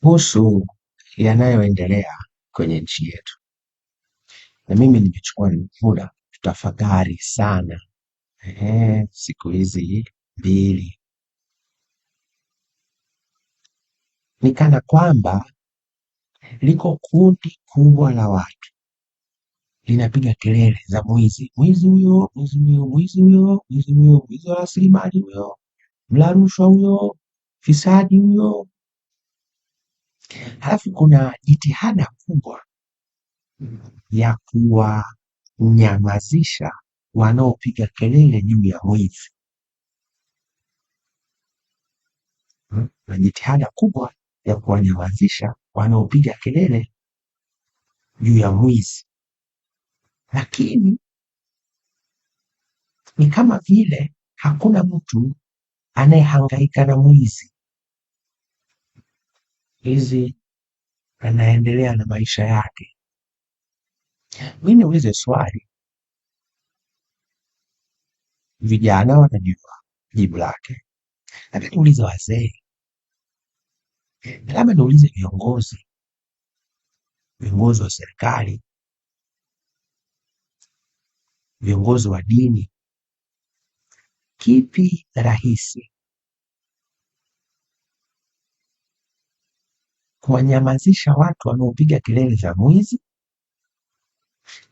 kuhusu yanayoendelea kwenye nchi yetu. Na mimi nimechukua muda tafakari sana ehe, siku hizi mbili, nikana kwamba liko kundi kubwa la watu linapiga kelele za mwizi, mwizi huyo, mwizi huyo, mwizi huyo, mwizi huyo, mwizi wa rasilimali huyo, mla rushwa huyo, fisadi huyo, Halafu kuna jitihada kubwa ya kuwanyamazisha wanaopiga kelele juu ya wizi hmm? na jitihada kubwa ya kuwanyamazisha wanaopiga kelele juu ya mwizi, lakini ni kama vile hakuna mtu anayehangaika na mwizi hizi anaendelea na maisha yake. Mi niulize swali, vijana wanajua jibu lake, lakini niulize wazee, labda niulize viongozi, viongozi wa serikali, viongozi wa dini, kipi rahisi kuwanyamazisha watu wanaopiga kelele za mwizi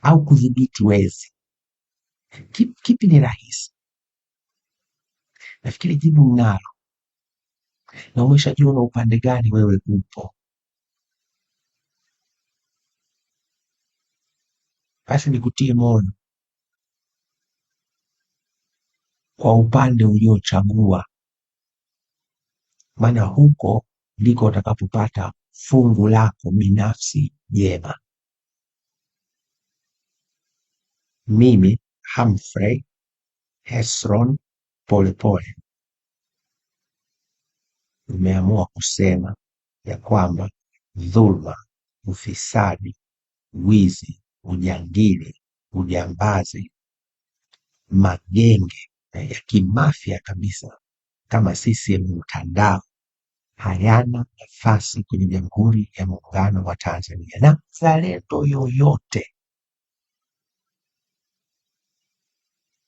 au kudhibiti wezi? Kipi, kipi ni rahisi? Nafikiri jibu mnalo na umeshajiona upande gani wewe upo. Basi nikutie moyo kwa upande uliochagua, maana huko ndiko utakapopata fungu lako binafsi jema. Mimi Humphrey Hesron Polepole nimeamua kusema ya kwamba dhulma, ufisadi, wizi, ujangili, ujambazi, magenge ya kimafia kabisa kama sisi mtandao hayana nafasi kwenye Jamhuri ya Muungano wa Tanzania na mzalendo yoyote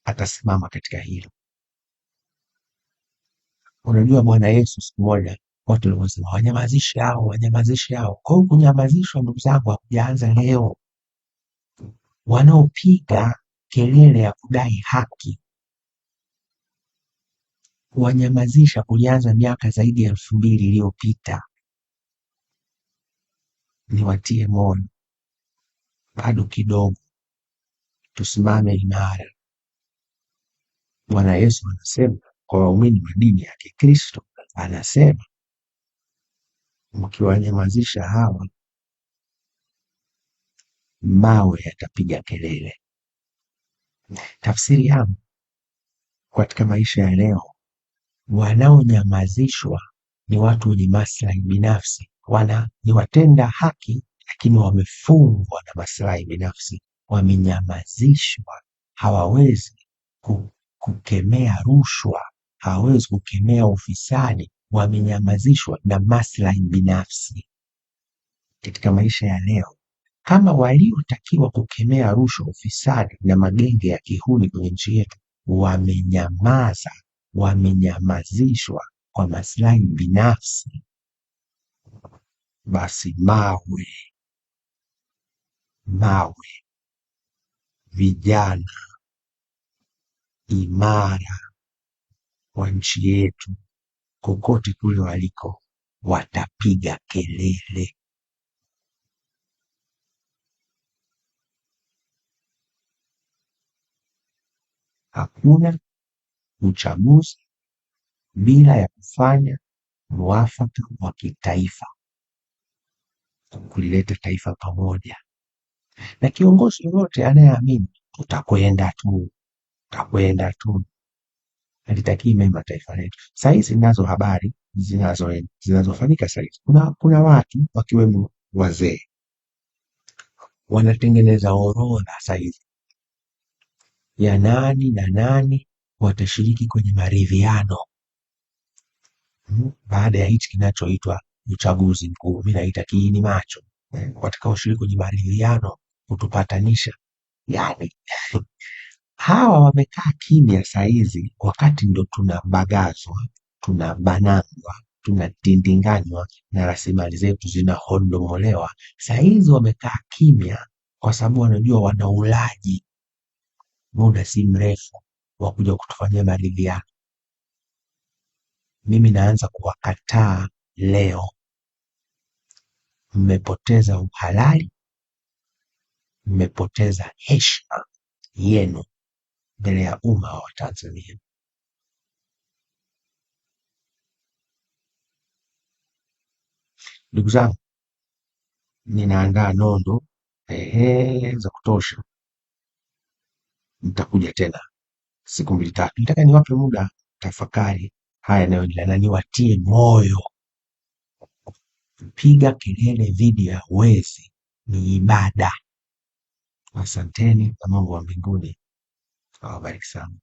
atasimama katika hilo. Unajua, Bwana Yesu siku moja watu walivyosema wanyamazishe hao, wanyamazishe hao. Kwa hiyo kunyamazishwa, ndugu zangu, hakujaanza leo. Wanaopiga kelele ya kudai haki kuwanyamazisha kulianza miaka zaidi ya elfu mbili iliyopita. ni watie moyo, bado kidogo, tusimame imara. Bwana Yesu anasema kwa waumini wa dini ya Kikristo, anasema mkiwanyamazisha hawa, mawe yatapiga kelele. Tafsiri yangu katika maisha ya leo wanaonyamazishwa ni watu wenye maslahi binafsi, wana ni watenda haki lakini wamefungwa na maslahi binafsi, wamenyamazishwa, hawawezi kukemea rushwa, hawawezi kukemea ufisadi, wamenyamazishwa na maslahi binafsi. Katika maisha ya leo, kama waliotakiwa kukemea rushwa, ufisadi na magenge ya kihuni kwenye nchi yetu wamenyamaza wamenyamazishwa kwa maslahi binafsi, basi mawe mawe, vijana imara wa nchi yetu, kokote kule waliko, watapiga kelele. Hakuna uchaguzi bila ya kufanya mwafaka wa kitaifa kulileta taifa pamoja. Na kiongozi yoyote anayeamini tutakwenda tu, tutakwenda tu, alitakii mema taifa letu. Sahizi ninazo habari zinazofanyika sahizi, kuna, kuna watu wakiwemo wazee wanatengeneza orodha sahizi ya nani na nani watashiriki kwenye maridhiano hmm? baada ya hichi kinachoitwa uchaguzi mkuu, mi naita kiini macho, eh, watakaoshiriki kwenye maridhiano kutupatanisha. Yani hawa wamekaa kimya saizi, wakati ndo tunabagazwa, tunabanangwa, tunatindinganywa na rasilimali zetu zinahondomolewa. Saizi wamekaa kimya kwa sababu wanajua wana ulaji muda si mrefu wa kuja kutufanyia maridhiano. Mimi naanza kuwakataa leo, mmepoteza uhalali, mmepoteza heshima yenu mbele ya umma wa Watanzania. Ndugu zangu, ninaandaa nondo ehe, za kutosha. Nitakuja tena siku mbili tatu, nataka niwape muda tafakari haya yanayoendelea na niwatie moyo. piga kelele dhidi ya wezi ni ibada. Asanteni na Mungu wa mbinguni awabariki sana.